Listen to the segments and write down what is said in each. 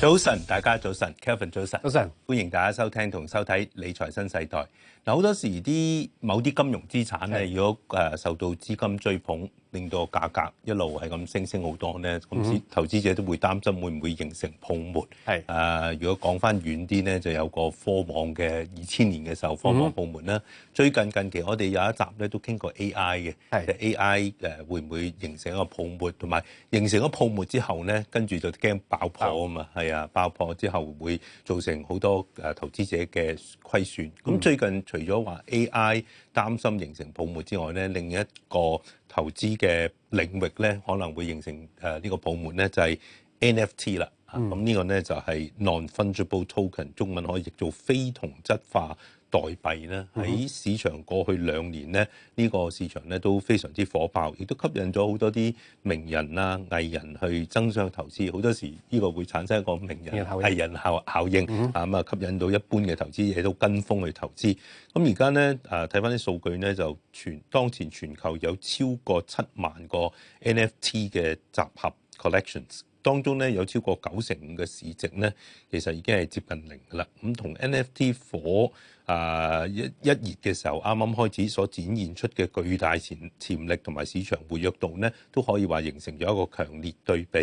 早晨，大家早晨，Kevin 早晨，早晨，歡迎大家收聽同收睇理財新世代。好多時啲某啲金融資產呢，如果受到資金追捧。令到個價格一路係咁升升好多咧，咁投資者都會擔心會唔會形成泡沫。係、mm，誒、hmm。啊，如果講翻遠啲咧，就有個科網嘅二千年嘅時候科網泡沫啦。Mm hmm。最近近期我哋有一集咧都傾過 AI 嘅，即、mm hmm. AI 誒會唔會形成一個泡沫，同埋形成咗泡沫之後咧，跟住就驚爆破啊嘛。係、嗯、啊，爆破之後會造成好多誒投資者嘅虧損。咁、mm hmm。最近除咗話 AI 擔心形成泡沫之外咧，另一個。投資嘅領域咧，可能會形成誒呢個部門咧，就係 NFT 啦。咁呢個咧就係 non-fungible token，中文可以譯做非同質化代幣咧，喺市場過去兩年咧，呢個市場咧都非常之火爆，亦都吸引咗好多啲名人啊藝人去爭相投資。好多時呢個會產生一個名人藝人效效應，嚇咁、嗯、啊吸引到一般嘅投資者都跟風去投資。咁而家咧啊睇翻啲數據咧，就全當前全球有超過七萬個 NFT 嘅集合 collections，當中咧有超過九成五嘅市值咧，其實已經係接近零㗎啦。咁同 NFT 火。啊一一熱嘅時候，啱啱開始所展現出嘅巨大潛潛力同埋市場活躍度咧，都可以話形成咗一個強烈對比。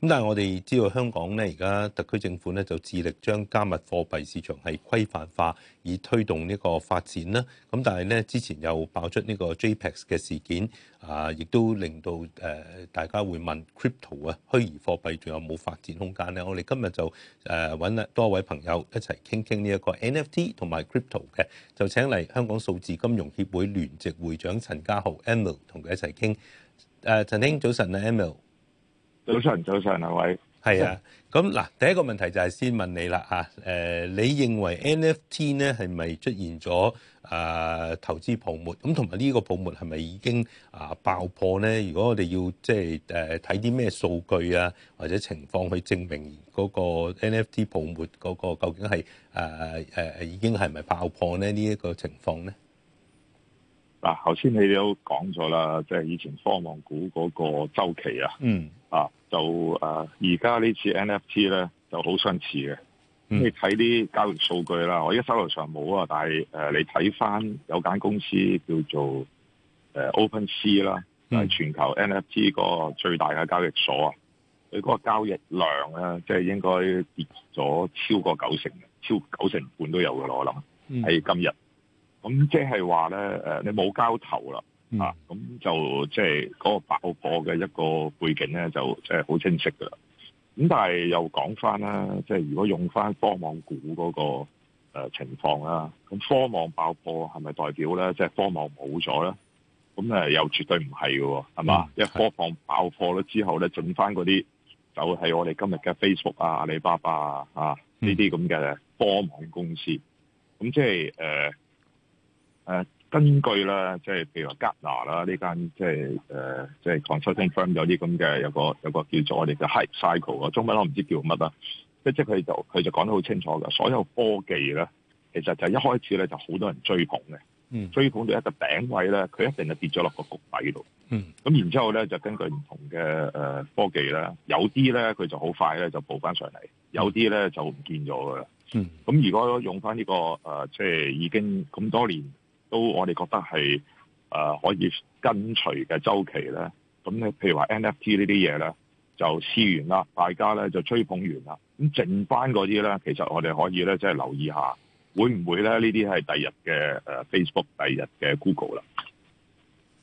咁但係我哋知道香港呢，而家特區政府呢，就致力將加密貨幣市場係規範化，以推動呢個發展啦。咁但係呢，之前又爆出呢個 JPEX 嘅事件，啊，亦都令到誒、呃、大家會問 crypto 啊虛擬貨幣仲有冇發展空間呢？我哋今日就誒揾、呃、多位朋友一齊傾傾呢一個 NFT 同埋 Crypto。圖嘅就請嚟香港數字金融協會聯席會長，陳家豪、Amel，同佢一齊傾。誒陳兄，早晨啊。Amel，早晨早晨啊喂。係啊，咁嗱，第一個問題就係先問你啦嚇，誒，你認為 NFT 咧係咪出現咗啊投資泡沫？咁同埋呢個泡沫係咪已經啊爆破咧？如果我哋要即係誒睇啲咩數據啊或者情況去證明嗰個 NFT 泡沫嗰個究竟係啊誒誒已經係咪爆破咧？呢一個情況咧？嗱，頭先、啊、你都講咗啦，即、就、係、是、以前科望股嗰個周期啊，嗯、mm. 啊，啊，就誒而家呢次 NFT 咧就好相似嘅，mm. 你睇啲交易數據啦。我而家手頭上冇啊，但係、呃、你睇翻有間公司叫做、呃、OpenSea 啦，係、mm. 啊、全球 NFT 個最大嘅交易所啊。佢、那、嗰個交易量咧、啊，即、就、係、是、應該跌咗超過九成，超九成半都有嘅喇。我諗喺、mm. 今日。咁即係話咧，誒，你冇交投啦，啊、嗯，咁就即係嗰個爆破嘅一個背景咧，就即係好清晰噶啦。咁但係又講翻啦，即係如果用翻科網股嗰個誒情況啦，咁科網爆破係咪代表咧即係科網冇咗咧？咁誒又絕對唔係喎，係嘛、嗯？因為科網爆破咗之後咧，進翻嗰啲就係我哋今日嘅 Facebook 啊、阿里巴巴啊呢啲咁嘅科網公司。咁即係誒。呃誒、啊、根據啦、呃，即係譬如話 Gartner 啦呢間，即係誒即係 Consulting Firm 有啲咁嘅，有個有個叫做我哋嘅 Hype Cycle 中文我唔知叫乜啦，即即係佢就佢就講得好清楚㗎。所有科技咧其實就一開始咧就好多人追捧嘅，嗯、追捧到一個頂位咧，佢一定就跌咗落個谷底度。咁、嗯、然之後咧就根據唔同嘅誒、呃、科技啦，有啲咧佢就好快咧就補翻上嚟，有啲咧就唔見咗㗎啦。咁、嗯、如果用翻呢、這個、呃、即係已經咁多年。都我哋覺得係誒、呃、可以跟隨嘅周期咧，咁你譬如話 NFT 呢啲嘢咧就試完啦，大家咧就吹捧完啦，咁剩翻嗰啲咧，其實我哋可以咧即係留意一下，會唔會咧呢啲係第日嘅誒 Facebook、第日嘅 Google 啦？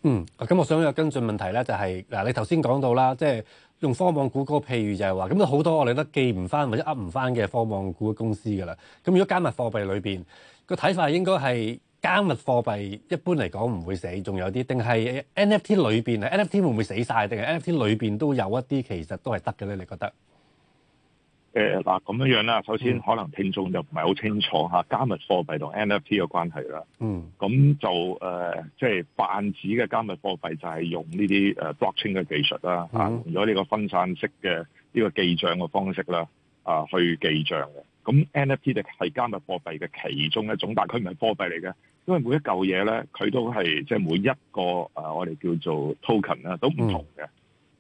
嗯，咁我想有跟進問題咧、就係，就係嗱你頭先講到啦，即係用科網股嗰個譬如就係話，咁好多我哋都記唔翻或者噏唔翻嘅科網股公司噶啦，咁如果加密貨幣裏邊、嗰個睇法應該係。加密貨幣一般嚟講唔會死，仲有啲定係 NFT 裏邊啊？NFT 會唔會死晒？定係 NFT 裏邊都有一啲其實都係得嘅咧？你覺得？嗱、呃，咁樣樣啦。首先，可能聽眾就唔係好清楚嚇加密貨幣同 NFT 嘅關係啦。嗯。咁就誒，即係泛指嘅加密貨幣就係用呢啲誒 blockchain 嘅技術啦、嗯啊，用咗呢個分散式嘅呢、呢個記賬嘅方式啦，啊，去記賬嘅。咁 NFT 就係加密貨幣嘅其中一種，但係佢唔係貨幣嚟嘅。因為每一嚿嘢咧，佢都係即係每一個啊，我哋叫做 token 啦，都唔同嘅。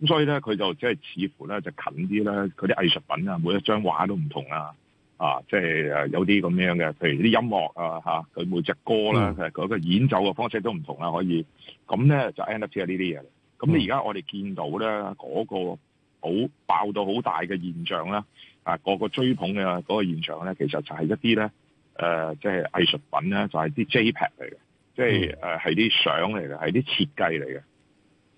咁所以咧，佢就即係似乎咧就近啲咧，佢啲藝術品啊，每一張畫都唔同啊。啊，即係誒有啲咁樣嘅，譬如啲音樂啊嚇，佢每隻歌啦，佢嗰個演奏嘅方式都唔同啦。可以咁咧就 end up 似係呢啲嘢。咁你而家我哋見到咧嗰個好爆到好大嘅現象啦，啊個個追捧嘅嗰個現象咧，其實就係一啲咧。誒，即係藝術品咧，就係、是、啲、就是、JPEG 嚟嘅，即係誒係啲相嚟嘅，係啲設計嚟嘅。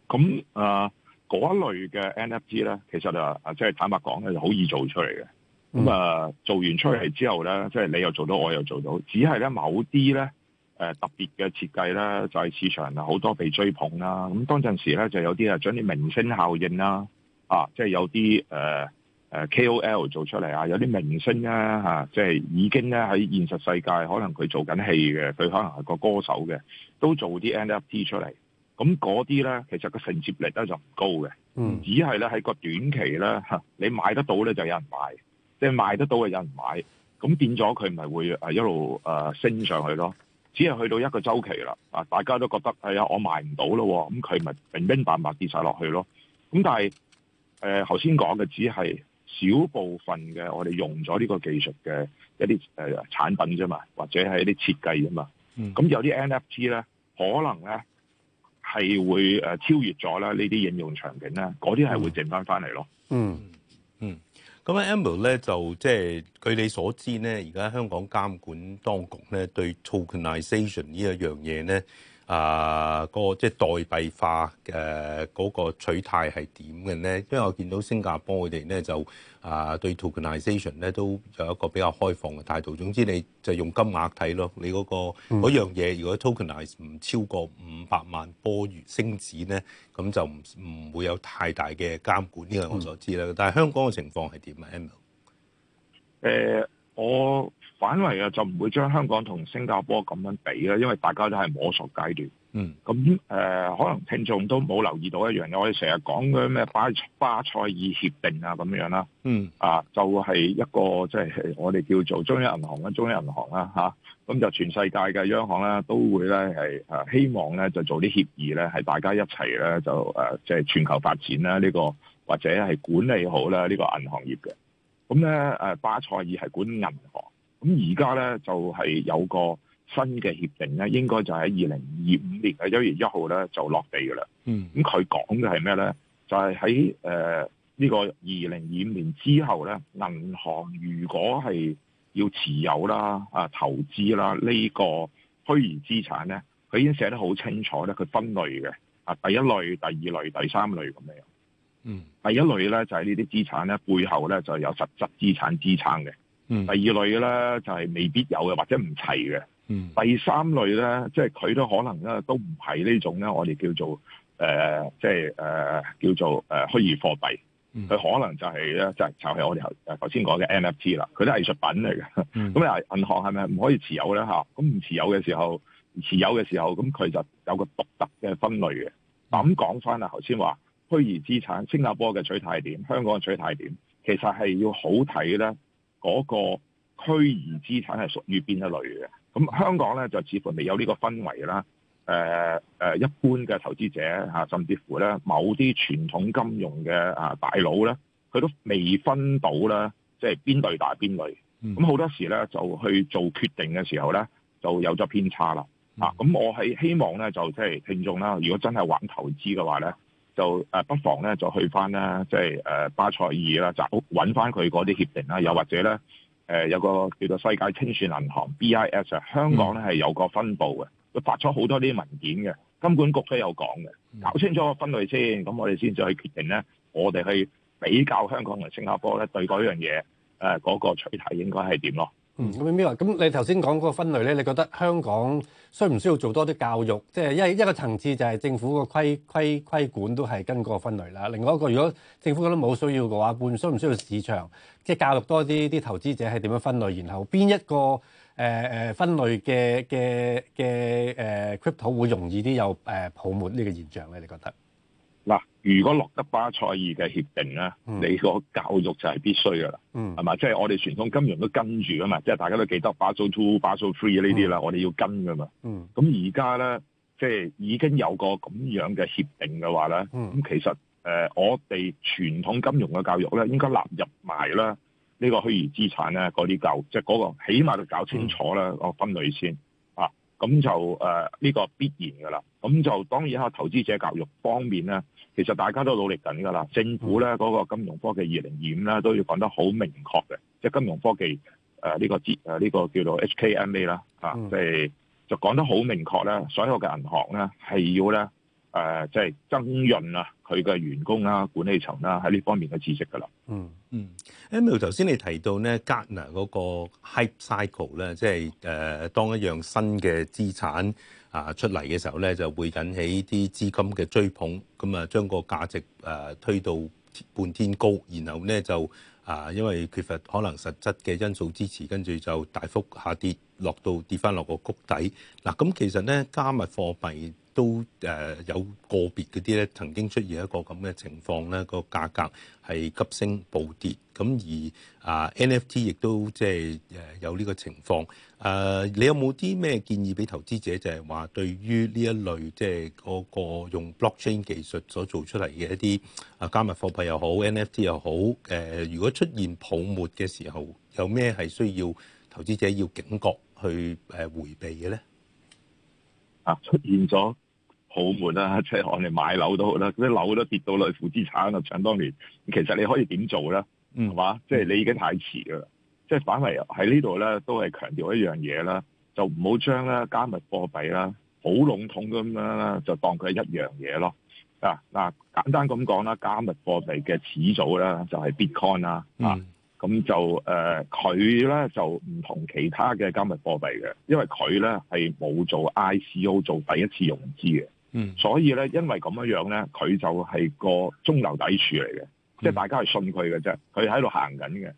咁啊、呃，嗰、嗯呃、類嘅 NFT 咧，其實就啊即係坦白講咧，就好易做出嚟嘅。咁、嗯、啊、呃，做完出嚟之後咧，即、就、係、是、你又做到，我又做到。只係咧某啲咧誒特別嘅設計咧，就係、是、市場啊好多被追捧啦、啊。咁、嗯、當陣時咧，就有啲啊將啲明星效應啦、啊，啊即係、就是、有啲誒。呃誒 K.O.L. 做出嚟啊，有啲明星啊嚇，即係、就是、已經咧喺現實世界，可能佢做緊戲嘅，佢可能係個歌手嘅，都做啲 N.F.T. 出嚟。咁嗰啲咧，其實個承接力咧就唔高嘅，嗯，只係咧喺個短期咧嚇，你買得到咧就有人買，即係賣得到嘅有人買，咁變咗佢咪會誒一路誒升上去咯。只係去到一個周期啦，啊，大家都覺得係啊、哎，我賣唔到咯，咁佢咪明明白白跌晒落去咯。咁但係誒頭先講嘅只係，少部分嘅我哋用咗呢個技術嘅一啲誒、呃、產品啫嘛，或者係一啲設計啫嘛。咁、嗯、有啲 NFT 咧，可能咧係會誒超越咗啦呢啲應用場景咧，嗰啲係會剩翻翻嚟咯。嗯嗯，咁阿 Amber 咧就即係據你所知咧，而家香港監管當局咧對 tokenization 呢一樣嘢咧，啊，嗰個即係代幣化嘅嗰個取態係點嘅咧？因為我見到新加坡佢哋咧就啊對 tokenization 咧都有一個比較開放嘅態度。總之你就用金額睇咯，你嗰、嗰個嗰、嗯、樣嘢如果 tokenize 唔超過五百萬坡元升子咧，咁就唔唔會有太大嘅監管。呢個我所知啦。嗯、但係香港嘅情況係點啊？M，誒我。反為啊，就唔會將香港同新加坡咁樣比啦，因為大家都係摸索階段。嗯，咁誒、呃，可能聽眾都冇留意到一樣嘢，我哋成日講嗰咩巴巴塞爾協定啊咁樣啦。嗯啊、就係就係，啊，就係一個即係我哋叫做中央銀行啦，中央銀行啦嚇，咁就全世界嘅央行啦，都會咧係誒希望咧就做啲協議咧，係大家一齊咧就誒即係全球發展啦，呢、呢個或者係管理好啦呢、呢個銀行業嘅。咁咧誒，巴塞爾係管銀行。咁而家咧就係有個新嘅協定咧，應該就喺二零二五年嘅一月一號咧就落地噶啦。嗯，咁佢講嘅係咩咧？就係喺誒呢個二零二五年之後咧，銀行如果係要持有啦、啊投資啦呢個虛擬資產咧，佢已經寫得好清楚咧，佢分類嘅啊，第一類、第二類、第三類咁樣。嗯，第一類咧就係呢啲資產咧，背後咧就有實質資產支撐嘅。嗯、第二類咧就係、是、未必有嘅，或者唔齊嘅。嗯，第三類咧，即係佢都可能咧都唔係呢種咧，我哋叫做誒，即係誒叫做虛擬貨幣。佢、嗯、可能就係、是、咧，就係就係我哋頭頭先講嘅 NFT 啦。佢啲藝術品嚟嘅。咁啊、嗯，銀行係咪唔可以持有咧吓？咁、啊、唔持有嘅時候，持有嘅時候，咁佢就有個獨特嘅分類嘅。嗱，咁講翻啦，頭先話虛擬資產，新加坡嘅取態點，香港嘅取態點，其實係要好睇咧。嗰個虛擬資產係屬於邊一類嘅？咁香港咧就似乎未有呢個氛圍啦。誒、呃、誒、呃，一般嘅投資者啊，甚至乎咧某啲傳統金融嘅啊大佬咧，佢都未分到啦。即係邊類大邊類。咁好多時咧就去做決定嘅時候咧，就有咗偏差啦。咁、啊、我係希望咧就即係聽眾啦，如果真係玩投資嘅話咧。就誒，不妨咧，再去翻啦，即係誒巴塞爾啦，找揾翻佢嗰啲協定啦，又或者咧，誒、呃、有個叫做世界清算銀行 BIS 啊，IS, 香港咧係、嗯、有個分部嘅，佢發咗好多啲文件嘅，金管局都有講嘅，搞清楚個分類先，咁我哋先至去決定咧，我哋去比較香港同新加坡咧對嗰樣嘢誒嗰個取態應該係點咯。嗯，咁樣邊咁你頭先講嗰個分類咧，你覺得香港需唔需要做多啲教育？即係一一個層次就係政府個規規規管都係跟嗰個分類啦。另外一個，如果政府覺得冇需要嘅話，會需唔需要市場即係教育多啲啲投資者係點樣分類？然後邊一個誒、呃、分類嘅嘅嘅誒 Crypto 會容易啲有誒泡沫呢個現象咧？你覺得？如果落得巴塞爾嘅協定咧，嗯、你個教育就係必須噶啦，係嘛、嗯？即係、就是、我哋傳統金融都跟住啊嘛，即、就、係、是、大家都記得巴塞 two、巴塞 three 呢啲啦，我哋要跟噶嘛。咁而家咧，即係、就是、已經有個咁樣嘅協定嘅話咧，咁、嗯、其實誒、呃，我哋傳統金融嘅教育咧，應該納入埋啦呢個虛擬資產咧嗰啲教育，即係嗰個起碼都搞清楚啦，嗯、個分類先。咁就誒呢、呃這個必然㗎啦，咁就當然嚇投資者教育方面咧，其實大家都努力緊㗎啦。政府咧嗰、那個金融科技二零二五咧都要講得好明確嘅，即金融科技誒呢、呃這個呢、呃這個叫做 HKMA 啦即就講得好明確咧，所有嘅銀行咧係要咧。誒，即係、啊就是、增潤啊！佢嘅員工啊，管理層啦、啊，喺呢方面嘅知識噶啦、嗯。嗯嗯，Emil 頭先你提到咧，Gartner 嗰個 Hype Cycle 咧，即係誒當一樣新嘅資產啊、呃、出嚟嘅時候咧，就會引起啲資金嘅追捧，咁啊將個價值誒、呃、推到半天高，然後咧就啊、呃、因為缺乏可能實質嘅因素支持，跟住就大幅下跌，落到跌翻落個谷底。嗱、啊，咁、嗯、其實咧加密貨幣，都誒有個別嗰啲咧，曾經出現一個咁嘅情況咧，個價格係急升暴跌。咁而啊 NFT 亦都即係誒有呢個情況。誒你有冇啲咩建議俾投資者，就係話對於呢一類即係嗰個用 blockchain 技術所做出嚟嘅一啲啊加密貨幣又好 NFT 又好，誒如果出現泡沫嘅時候，有咩係需要投資者要警覺去誒迴避嘅咧？啊出現咗。澳門啦、啊，即、就、係、是、我哋買樓都好啦，啲樓都跌到去負資產啊！想當年其實你可以點做咧？係嘛、嗯？即係、就是、你已經太遲啦。即、就、係、是、反為喺呢度咧，都係強調一樣嘢啦，就唔好將咧加密貨幣啦，好籠統咁樣啦，就當佢係一樣嘢咯。啊嗱、啊，簡單咁講啦，加密貨幣嘅始祖咧，就係、是、Bitcoin 啦。嗯、啊，咁就誒佢咧就唔同其他嘅加密貨幣嘅，因為佢咧係冇做 ICO 做第一次融資嘅。 所以咧，因為咁樣樣咧，佢就係個中流砥柱嚟嘅， 即係大家係信佢嘅啫。佢喺度行緊嘅。咁、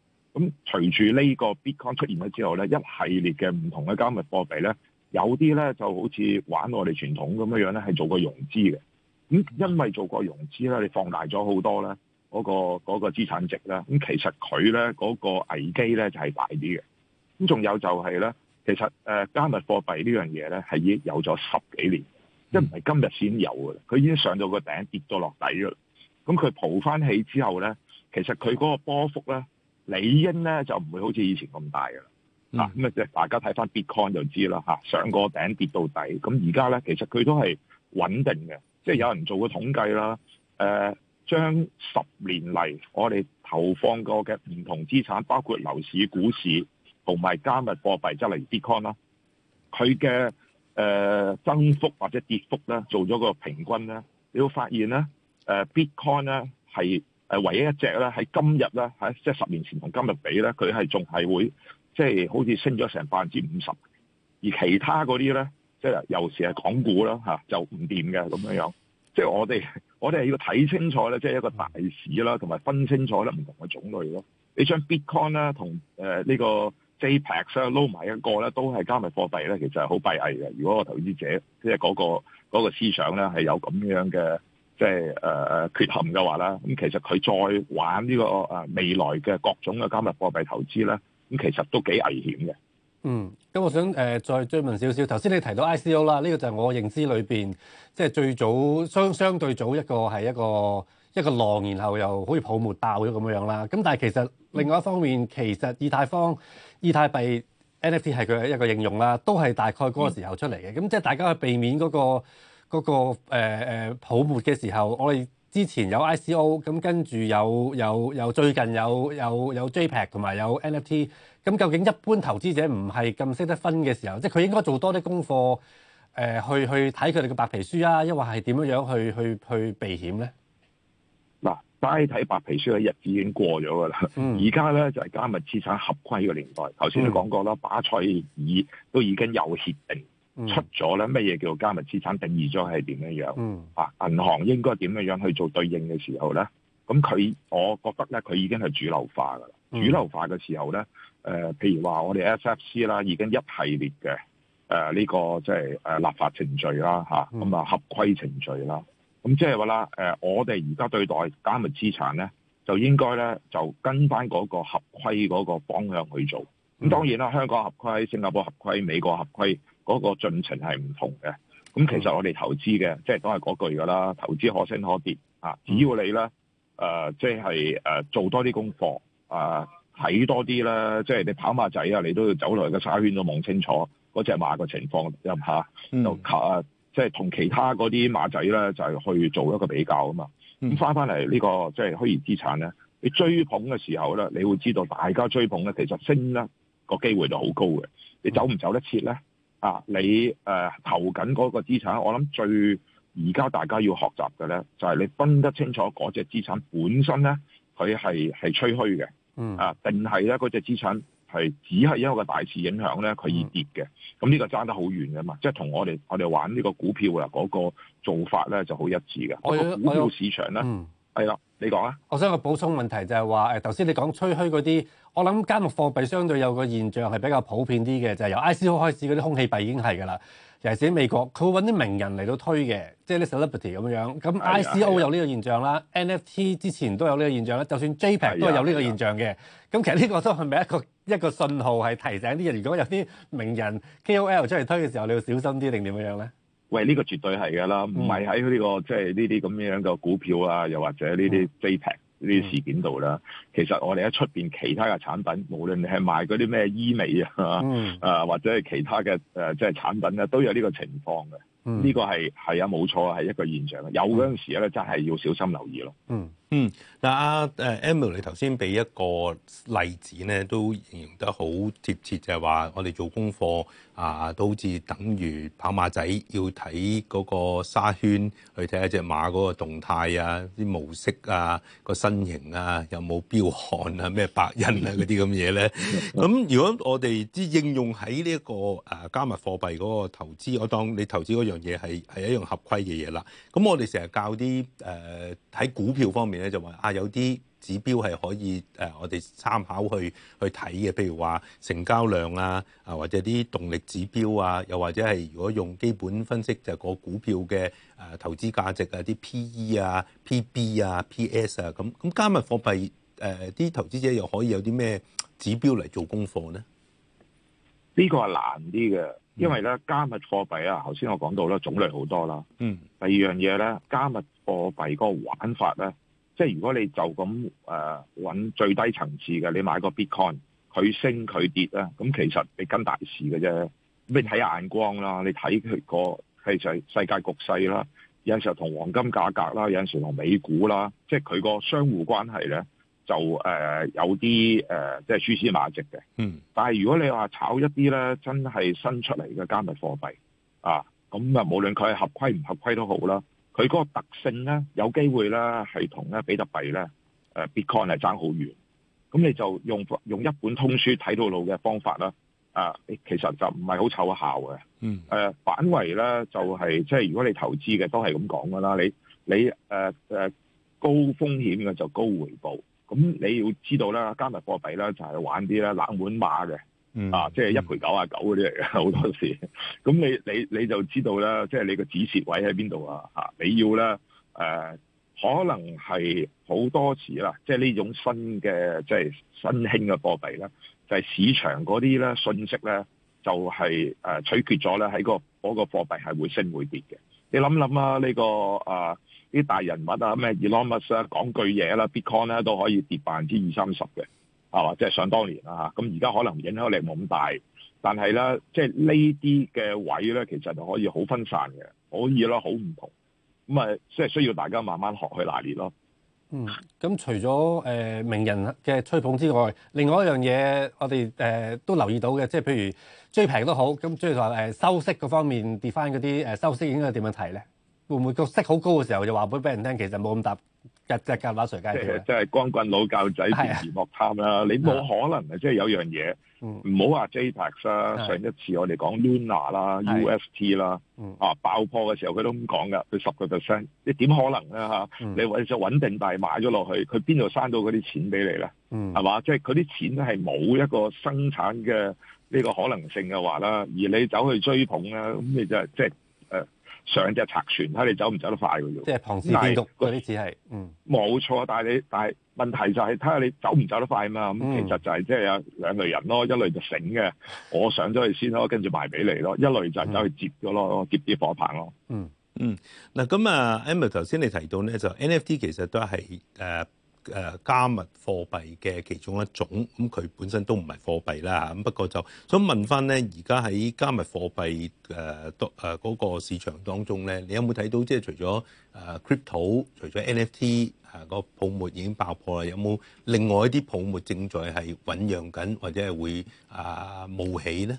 嗯、隨住呢個 Bitcoin 出現咗之後咧，一系列嘅唔同嘅加密貨幣咧，有啲咧就好似玩我哋傳統咁樣樣咧，係做過融資嘅。咁、嗯、因為做過融資咧，你放大咗好多咧，嗰、嗰個嗰、嗰個資產值咧。咁、嗯、其實佢咧嗰個危機咧就係大啲嘅。咁仲有就係、係、咧，其實誒加密貨幣呢樣嘢咧係已經有咗十幾年。嗯、即唔係今日先有㗎啦，佢已經上到個頂，跌咗落底啦。咁佢蒲翻起之後咧，其實佢嗰個波幅咧，理應咧就唔會好似以前咁大㗎啦。嗱、嗯，咁啊即係大家睇翻 Bitcoin 就知啦嚇、啊，上個頂跌到底，咁而家咧其實佢都係穩定嘅。即係有人做過統計啦，誒、呃、將十年嚟我哋投放過嘅唔同資產，包括樓市、股市同埋加密貨幣，即係例如 Bitcoin 啦，佢嘅。誒、呃、增幅或者跌幅咧，做咗個平均咧，你會發現咧，誒、呃、Bitcoin 咧係唯一一隻咧，喺今日咧，喺即係十年前同今日比咧，佢係仲係會即係、就是、好似升咗成百分之五十，而其他嗰啲咧，即、就、係、是、尤其係港股啦吓就唔掂嘅咁樣樣。即係我哋我哋係要睇清楚咧，即、就、係、是、一個大市啦，同埋分清楚咧唔同嘅種類咯。你將 Bitcoin 咧同誒呢、呃這個。J 幣想撈埋一個咧，都係加密貨幣咧，其實係好閉翳嘅。如果個投資者即係嗰個嗰、嗰個、思想咧係有咁樣嘅即係誒缺陷嘅話呢咁、嗯、其實佢再玩呢個誒未來嘅各種嘅加密貨幣投資咧，咁、嗯、其實都幾危險嘅。嗯，咁我想誒、呃、再追問少少。頭先你提到 I C O 啦，呢、呢個就我認知裏面，即、就、係、係、最早相相對早一個係一個。一個浪，然後又好似泡沫爆咗咁樣啦。咁但係其實另外一方面，嗯、其實以太坊、以太幣、NFT 係佢一個應用啦，都係大概嗰個時候出嚟嘅。咁、嗯、即係大家去避免嗰、嗰個嗰、嗰個、呃、泡沫嘅時候，我哋之前有 ICO，咁跟住有有有最近有有有，G，還有有 JPEG 同埋有 NFT。咁究竟一般投資者唔係咁識得分嘅時候，即係佢應該做多啲功課誒、呃、去去睇佢哋嘅白皮書啊，抑或係點樣樣去去去避險咧？齋睇白皮書嘅日子已經過咗㗎啦，而家咧就係、是、加密資產合規嘅年代。頭先都講過啦，嗯、巴塞爾都已經有協定、嗯、出咗咧，乜嘢叫做加密資產定義咗係點樣樣？嚇、嗯啊，銀行應該點樣樣去做對應嘅時候咧？咁佢我覺得咧，佢已經係主流化㗎啦。嗯、主流化嘅時候咧，誒、呃，譬如話我哋 SFC 啦，已經一系列嘅誒呢個即係誒立法程序啦，嚇、啊，咁啊、嗯、合規程序啦。咁即係話啦，誒、呃，我哋而家對待加密資產咧，就應該咧就跟返嗰個合規嗰個方向去做。咁當然啦，香港合規、新加坡合規、美國合規嗰個進程係唔同嘅。咁其實我哋投資嘅，即係都係嗰句㗎啦，投資可升可跌啊！只要你咧誒、呃，即係誒、呃、做多啲功課啊，睇、呃、多啲啦，即係你跑馬仔啊，你都要走來個沙圈都望清楚嗰隻馬嘅情況先下就啊！啊嗯即係同其他嗰啲馬仔咧，就係、是、去做一個比較啊嘛。咁返返嚟呢個即係、就是、虛擬資產咧，你追捧嘅時候咧，你會知道大家追捧咧，其實升咧個機會就好高嘅。你走唔走得切咧？啊，你誒、啊、投緊嗰個資產，我諗最而家大家要學習嘅咧，就係、是、你分得清楚嗰隻資產本身咧，佢係係吹噓嘅，嗯啊，定係咧嗰隻資產。係只係因為一個大市影響咧，佢已跌嘅。咁呢、嗯嗯呢個爭得好遠嘅嘛，即係同我哋我哋玩呢個股票啊，嗰個做法咧就好一致嘅。我個、哎哎、股票市場咧，係啦、嗯你講啊！我想個補充問題就係話，誒頭先你講吹噓嗰啲，我諗加密貨幣相對有個現象係比較普遍啲嘅，就係、是、由 I C O 開始嗰啲空氣幣已經係㗎啦，尤其是喺美國，佢會搵啲名人嚟到推嘅，即係啲 celebrity 咁樣。咁 I C O 有呢個現象啦，N F T 之前都有呢個現象，就算 J P E G 都有呢個現象嘅。咁其實呢個都係咪一個一個信號，係提醒啲人，如果有啲名人 K O L 出嚟推嘅時候，你要小心啲定點樣咧？喂，呢、這個絕對係㗎啦，唔係喺呢個即係呢啲咁樣嘅股票啊，又或者呢啲飛平呢啲事件度啦。嗯、其實我哋喺出邊其他嘅產品，無論你係賣嗰啲咩醫美、嗯、啊，啊或者係其他嘅誒、呃、即係產品啊，都有呢個情況嘅。呢、嗯、個係係啊冇錯，係一個現象。有嗰陣時咧，真係要小心留意咯、嗯。嗯。嗯，嗱、啊、阿誒 Emily 你頭先俾一個例子咧，都形容得好貼切，就係、是、話我哋做功課啊，都好似等於跑馬仔要睇嗰個沙圈，去睇下隻馬嗰個動態啊，啲模式啊，個身形啊，有冇標汗啊，咩白印啊嗰啲咁嘢咧。咁 如果我哋啲應用喺呢一個誒、啊、加密貨幣嗰個投資，我當你投資嗰樣嘢係係一樣合規嘅嘢啦。咁我哋成日教啲誒喺股票方面。就話啊，有啲指標係可以誒、啊，我哋參考去去睇嘅，譬如話成交量啊，啊或者啲動力指標啊，又或者係如果用基本分析就係個股票嘅誒、啊、投資價值啊，啲 P E 啊、P B 啊、P S 啊，咁、啊、咁加密貨幣誒，啲、啊、投資者又可以有啲咩指標嚟做功課呢？呢個係難啲嘅，因為咧加密貨幣啊，頭先我講到啦，種類好多啦。嗯。第二樣嘢咧，加密貨幣個玩法咧。即係如果你就咁誒揾最低層次嘅，你買個 Bitcoin，佢升佢跌啦，咁其實你跟大市嘅啫。你睇眼光啦，你睇佢個係就係世界局勢啦，有陣時同黃金價格啦，有陣時同美股啦，即係佢個相互關係咧就、呃、有啲呃、即係蛛絲馬跡嘅。嗯，但係如果你話炒一啲咧，真係新出嚟嘅加密貨幣啊，咁啊無論佢係合規唔合規都好啦。佢嗰個特性咧，有機會咧係同咧比特幣咧，誒 Bitcoin 係爭好遠。咁你就用用一本通書睇到路嘅方法啦。啊，其實就唔係好湊效嘅。嗯、啊。誒反為咧就係、是、即係如果你投資嘅都係咁講噶啦。你你誒誒、啊、高風險嘅就高回報。咁你要知道啦，加密貨幣咧就係、是、玩啲咧冷門馬嘅。嗯嗯、啊，即係一賠九啊九嗰啲嚟嘅，好多時，咁 你你你就知道啦，即係你個止蝕位喺邊度啊？吓，你要咧，誒、呃，可能係好多次啦，即係呢種新嘅，即係新興嘅貨幣咧，就係、是、市場嗰啲咧信息咧，就係、是、誒、呃、取決咗咧喺個嗰、那個貨幣係會升會跌嘅。你諗諗啊，呢、這個啊啲、呃、大人物啊，咩 Elon Musk 啊，講句嘢啦，Bitcoin 咧、啊、都可以跌百分之二三十嘅。係嘛，即係想當年啦，咁而家可能影響力冇咁大，但係咧，即係呢啲嘅位咧，其實就可以好分散嘅，可以咯，好唔同，咁咪即係需要大家慢慢學去拿捏咯。嗯，咁除咗誒名人嘅吹捧之外，另外一樣嘢我哋誒都留意到嘅，即係譬如最平都好，咁即係話誒收息嗰方面跌翻嗰啲誒收息應該點樣睇咧？會唔會個息好高嘅時候就話俾俾人聽，其實冇咁大？即係光棍佬教仔，便宜莫貪啦！你冇可能啊！即係有樣嘢，唔好話 JPEX 啦，上一次我哋講 Luna 啦、UST 啦，啊爆破嘅時候佢都咁講嘅，佢十個 percent，你點可能咧嚇？你為咗穩定大買咗落去，佢邊度生到嗰啲錢俾你咧？係嘛？即係嗰啲錢都係冇一個生產嘅呢個可能性嘅話啦，而你走去追捧咧，咁你就係即係。上隻賊船，睇你走唔走得快喎。即係唐支病毒嗰啲只係，嗯，冇錯。但係你，但係問題就係睇下你走唔走得快嘛。咁、嗯嗯、其實就係即係有兩類人咯，一類就醒嘅，我上咗去先咯，跟住賣俾你咯。一類就係走去接咗咯、嗯，接啲火棒咯、嗯。嗯嗯，嗱咁啊，Emma 頭先你提到咧，就 NFT 其實都係誒。呃誒加密貨幣嘅其中一種，咁佢本身都唔係貨幣啦，咁不過就想問翻咧，而家喺加密貨幣誒誒嗰個市場當中咧，你有冇睇到即係除咗誒 Crypto 除咗 NFT 啊個泡沫已經爆破啦，有冇另外一啲泡沫正在係醖釀緊，或者係會啊冒起咧？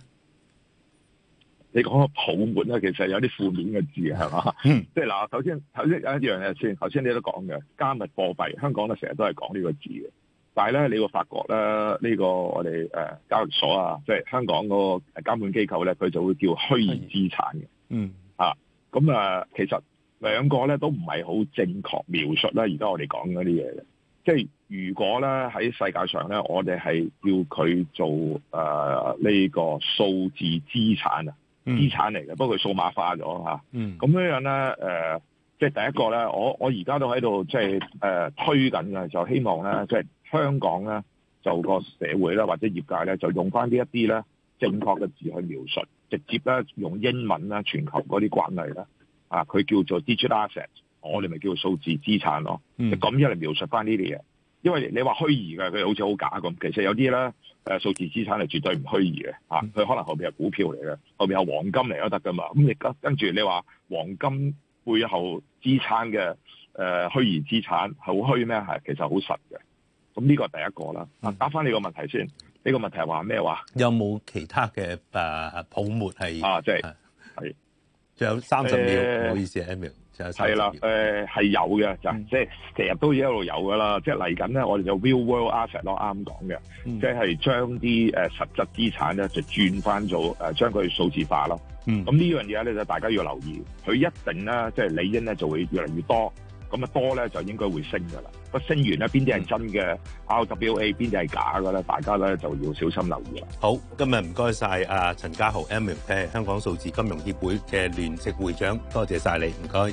你講個泡沫咧，其實有啲負面嘅字，係嘛？即係嗱，頭先頭先有一樣嘢先，頭先你都講嘅加密貨幣，香港咧成日都係講呢個字嘅。但係咧，你會發覺咧，呢個我哋誒交易所啊，即係香港嗰個監管機構咧，佢就會叫虛擬資產嘅。嗯、 啊。咁啊，其實兩個咧都唔係好正確描述啦，而家我哋講嗰啲嘢嘅。即係如果咧喺世界上咧，我哋係叫佢做誒呢個數字資產啊。資、um, 產嚟嘅，不過佢數碼化咗吓，咁、啊 um, 樣咧，誒、呃，即係第一個咧，我我而家都喺度即係誒推緊嘅，就希望咧，即係香港咧就個社會啦，或者業界咧就用翻呢一啲咧正確嘅字去描述，直接咧用英文啦，全球嗰啲慣例呢，啊，佢叫做 digital asset，我哋咪叫數字資產咯，咁、um, 樣嚟描述翻呢啲嘢，因為你話虛擬嘅，佢好似好假咁，其實有啲咧。數字資產係絕對唔虛擬嘅嚇，佢、啊、可能後面係股票嚟嘅，後面有黃金嚟都得噶嘛。咁、嗯、你跟住你話黃金背後資產嘅、呃、虛擬資產係好虛咩？係其實好實嘅。咁呢個係第一個啦。嗱、啊，答翻你個問題先，呢、呢個問題係話咩話？有冇其他嘅、啊、泡沫係啊？即、就、仲、是、有三十秒，唔、欸、好意思 Emil、欸係啦，誒係、呃、有嘅，就、嗯、即係其實都一路有噶啦，即係嚟緊咧，我哋就 Real World Asset 咯，啱講嘅，即係將啲誒實質資產咧就轉翻咗，誒將佢數字化咯。嗯，咁呢樣嘢咧就大家要留意，佢一定咧即係理應咧就會越嚟越多，咁啊多咧就應該會升噶啦。個升完咧邊啲係真嘅，RWA 邊啲係假嘅咧，大家咧就要小心留意啦。好，今日唔該晒阿陳家豪 m i 香港數字金融協會嘅聯席會長，多謝晒你，唔該。